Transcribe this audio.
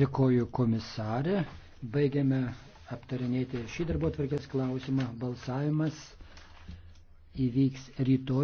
Dėkoju komisarė. Baigiame aptarinėti šį darbo tvarkės klausimą. Balsavimas įvyks rytoj.